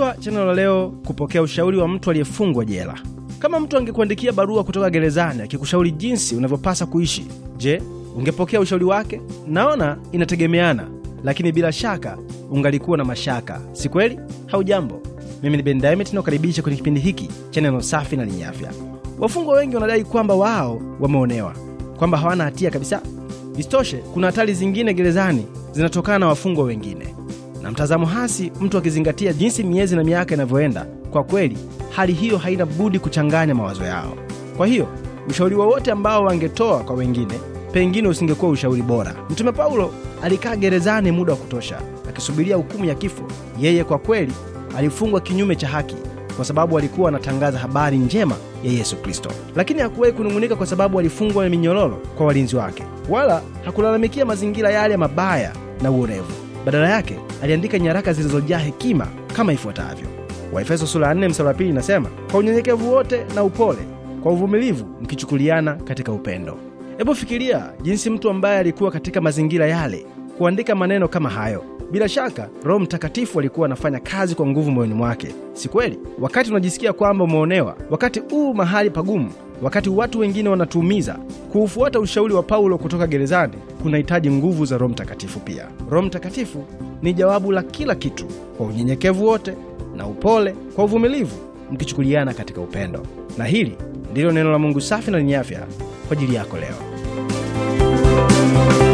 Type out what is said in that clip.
Kichwa cha neno la leo: kupokea ushauri wa mtu aliyefungwa jela. Kama mtu angekuandikia barua kutoka gerezani akikushauri jinsi unavyopasa kuishi, je, ungepokea ushauri wake? Naona inategemeana, lakini bila shaka ungalikuwa na mashaka, si kweli? Haujambo, mimi ni Ben Diamond na kwenye kipindi hiki cha neno safi na lenye afya. Wafungwa wengi wanadai kwamba wao wameonewa, kwamba hawana hatia kabisa. Isitoshe, kuna hatari zingine gerezani zinatokana na wafungwa wengine na mtazamo hasi mtu akizingatia jinsi miezi na miaka inavyoenda, kwa kweli hali hiyo haina budi kuchanganya mawazo yao. Kwa hiyo ushauri wowote ambao wangetoa kwa wengine pengine usingekuwa ushauri bora. Mtume Paulo alikaa gerezani muda wa kutosha akisubiria hukumu ya kifo. Yeye kwa kweli alifungwa kinyume cha haki kwa sababu alikuwa anatangaza habari njema ya Yesu Kristo, lakini hakuwahi kunung'unika kwa sababu alifungwa na minyololo kwa walinzi wake, wala hakulalamikia mazingira yale mabaya na uonevu. Badala yake aliandika nyaraka zilizojaa hekima kama ifuatavyo. Waefeso sura ya 4 mstari wa pili inasema, kwa unyenyekevu wote na upole, kwa uvumilivu mkichukuliana katika upendo. Hebu fikiria jinsi mtu ambaye alikuwa katika mazingira yale kuandika maneno kama hayo. Bila shaka Roho Mtakatifu alikuwa anafanya kazi kwa nguvu moyoni mwake, si kweli? Wakati unajisikia kwamba umeonewa, wakati huu mahali pagumu, wakati watu wengine wanatuumiza, kuufuata ushauri wa Paulo kutoka gerezani kunahitaji nguvu za Roho Mtakatifu pia. Roho Mtakatifu ni jawabu la kila kitu, kwa unyenyekevu wote na upole, kwa uvumilivu, mkichukuliana katika upendo. Na hili ndilo neno la Mungu safi na lenye afya kwa ajili yako leo.